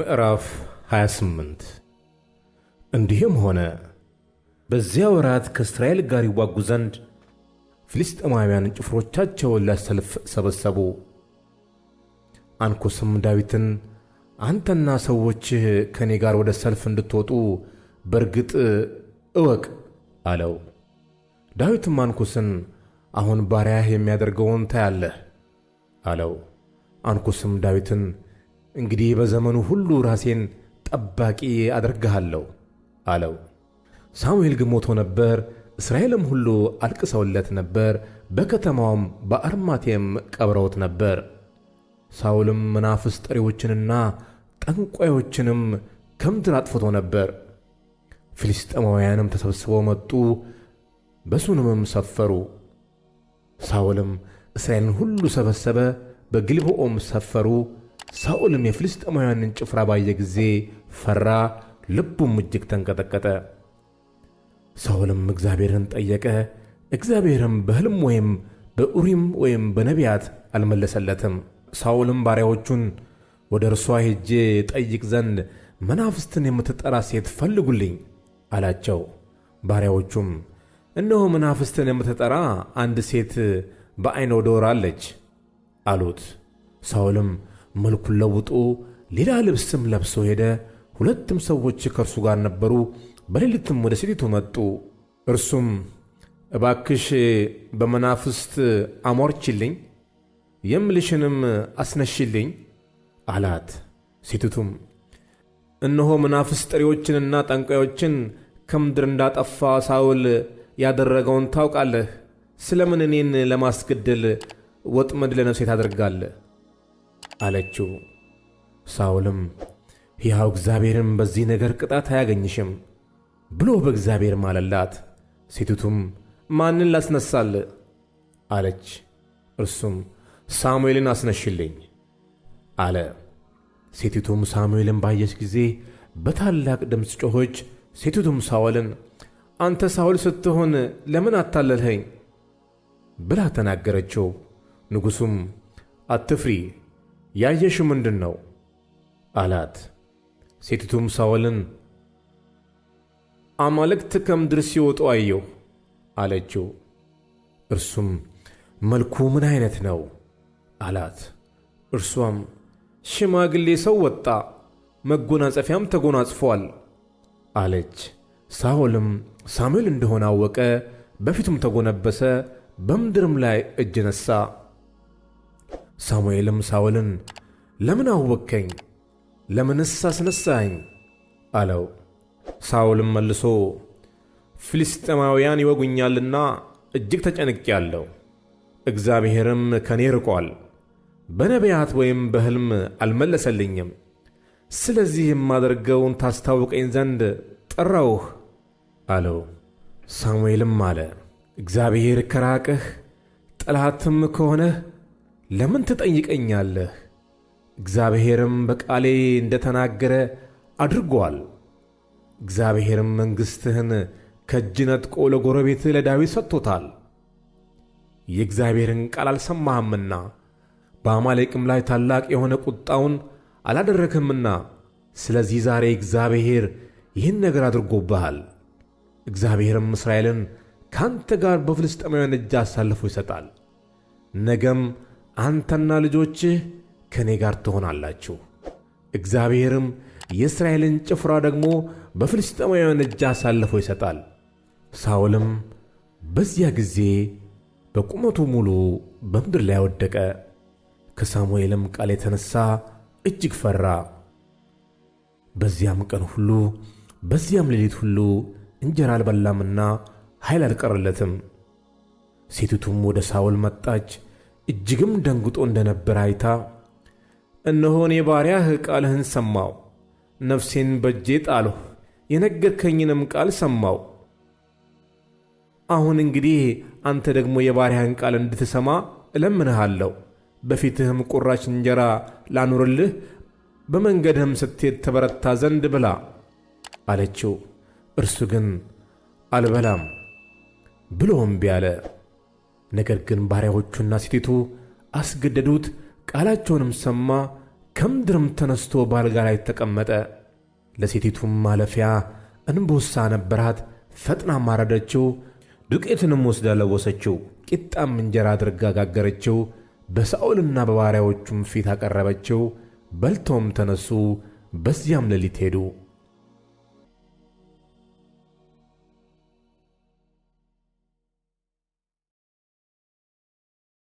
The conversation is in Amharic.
ምዕራፍ 28 እንዲህም ሆነ በዚያ ወራት ከእስራኤል ጋር ይዋጉ ዘንድ ፍልስጥኤማውያን ጭፍሮቻቸውን ለሰልፍ ሰበሰቡ። አንኩስም ዳዊትን አንተና ሰዎችህ ከእኔ ጋር ወደ ሰልፍ እንድትወጡ በእርግጥ እወቅ አለው። ዳዊትም አንኩስን አሁን ባሪያህ የሚያደርገውን ታያለህ አለው። አንኩስም ዳዊትን እንግዲህ በዘመኑ ሁሉ ራሴን ጠባቂ አደርግሃለሁ አለው። ሳሙኤል ግን ሞቶ ነበር፤ እስራኤልም ሁሉ አልቅሰውለት ነበር፤ በከተማውም በአርማቴም ቀብረውት ነበር። ሳውልም መናፍስት ጠሪዎችንና ጠንቋዮችንም ከምድር አጥፍቶ ነበር። ፊልስጤማውያንም ተሰብስበው መጡ፣ በሱንምም ሰፈሩ። ሳውልም እስራኤልን ሁሉ ሰበሰበ፣ በግልቦኦም ሰፈሩ። ሳኦልም የፍልስጥኤማውያንን ጭፍራ ባየ ጊዜ ፈራ፣ ልቡም እጅግ ተንቀጠቀጠ። ሳኦልም እግዚአብሔርን ጠየቀ። እግዚአብሔርም በሕልም ወይም በኡሪም ወይም በነቢያት አልመለሰለትም። ሳኦልም ባሪያዎቹን ወደ እርሷ ሄጄ ጠይቅ ዘንድ መናፍስትን የምትጠራ ሴት ፈልጉልኝ አላቸው። ባሪያዎቹም እነሆ መናፍስትን የምትጠራ አንድ ሴት ዶር አለች አሉት። ሳኦልም መልኩን ለውጦ ሌላ ልብስም ለብሶ ሄደ። ሁለትም ሰዎች ከእርሱ ጋር ነበሩ። በሌሊትም ወደ ሴቲቱ መጡ። እርሱም እባክሽ በመናፍስት አሟርችልኝ፣ የምልሽንም አስነሽልኝ አላት። ሴቲቱም እነሆ መናፍስት ጠሪዎችንና ጠንቋዮችን ከምድር እንዳጠፋ ሳውል ያደረገውን ታውቃለህ። ስለምን እኔን ለማስገደል ወጥመድ ለነፍሴ ታደርጋለህ? አለችው። ሳውልም ሕያው እግዚአብሔርም በዚህ ነገር ቅጣት አያገኝሽም ብሎ በእግዚአብሔር ማለላት። ሴቲቱም ማንን ላስነሳል አለች። እርሱም ሳሙኤልን አስነሽልኝ አለ። ሴቲቱም ሳሙኤልን ባየች ጊዜ በታላቅ ድምፅ ጮኸች። ሴቲቱም ሳውልን አንተ ሳውል ስትሆን ለምን አታለልኸኝ ብላ ተናገረችው። ንጉሡም አትፍሪ ያየሽው ምንድን ነው? አላት። ሴቲቱም ሳኦልን አማልክት ከምድር ሲወጡ አየሁ አለችው። እርሱም መልኩ ምን አይነት ነው? አላት። እርሷም ሽማግሌ ሰው ወጣ፣ መጎናጸፊያም ተጎናጽፏል አለች። ሳኦልም ሳሙኤል እንደሆነ አወቀ፣ በፊቱም ተጎነበሰ፣ በምድርም ላይ እጅ ነሣ። ሳሙኤልም ሳውልን ለምን አወከኝ? ለምንስ አስነሳኸኝ? አለው። ሳውልም መልሶ ፍልስጥኤማውያን ይወጉኛልና እጅግ ተጨንቄአለሁ፣ እግዚአብሔርም ከኔ ርቋል፣ በነቢያት ወይም በሕልም አልመለሰልኝም። ስለዚህ የማደርገውን ታስታውቀኝ ዘንድ ጠራውህ አለው። ሳሙኤልም አለ፣ እግዚአብሔር ከራቅህ ጠላትም ከሆነህ ለምን ትጠይቀኛለህ? እግዚአብሔርም በቃሌ እንደ ተናገረ እግዚአብሔርም መንግሥትህን ከእጅ ነጥቆ ለጎረቤት ለዳዊት ሰጥቶታል። የእግዚአብሔርን ቃል አልሰማህምና በአማሌቅም ላይ ታላቅ የሆነ ቁጣውን አላደረክምና፣ ስለዚህ ዛሬ እግዚአብሔር ይህን ነገር አድርጎብሃል። እግዚአብሔርም እስራኤልን ከአንተ ጋር በፍልስጥኤማውያን እጅ አሳልፎ ይሰጣል። ነገም አንተና ልጆችህ ከእኔ ጋር ትሆናላችሁ። እግዚአብሔርም የእስራኤልን ጭፍራ ደግሞ በፍልስጥኤማውያን እጅ አሳልፎ ይሰጣል። ሳውልም በዚያ ጊዜ በቁመቱ ሙሉ በምድር ላይ ወደቀ። ከሳሙኤልም ቃል የተነሳ እጅግ ፈራ። በዚያም ቀን ሁሉ በዚያም ሌሊት ሁሉ እንጀራ አልበላምና ኃይል አልቀረለትም። ሴቲቱም ወደ ሳውል መጣች፣ እጅግም ደንግጦ እንደነበር አይታ እነሆ እኔ ባሪያህ ቃልህን ሰማው ነፍሴን በእጄ ጣልሁ፣ የነገርከኝንም ቃል ሰማው አሁን እንግዲህ አንተ ደግሞ የባሪያህን ቃል እንድትሰማ እለምንሃለሁ። በፊትህም ቁራሽ እንጀራ ላኑርልህ፣ በመንገድህም ስትሄድ ተበረታ ዘንድ ብላ አለችው። እርሱ ግን አልበላም ብሎ እምቢ አለ። ነገር ግን ባሪያዎቹና ሴቲቱ አስገደዱት። ቃላቸውንም ሰማ፣ ከምድርም ተነስቶ በአልጋ ላይ ተቀመጠ። ለሴቲቱም ማለፊያ እንቦሳ ነበራት። ፈጥና ማረደችው፣ ዱቄትንም ወስዳ ለወሰችው፣ ቂጣም እንጀራ አድርጋ ጋገረችው፣ በሳኦልና በባሪያዎቹም ፊት አቀረበችው። በልተውም ተነሱ፣ በዚያም ሌሊት ሄዱ።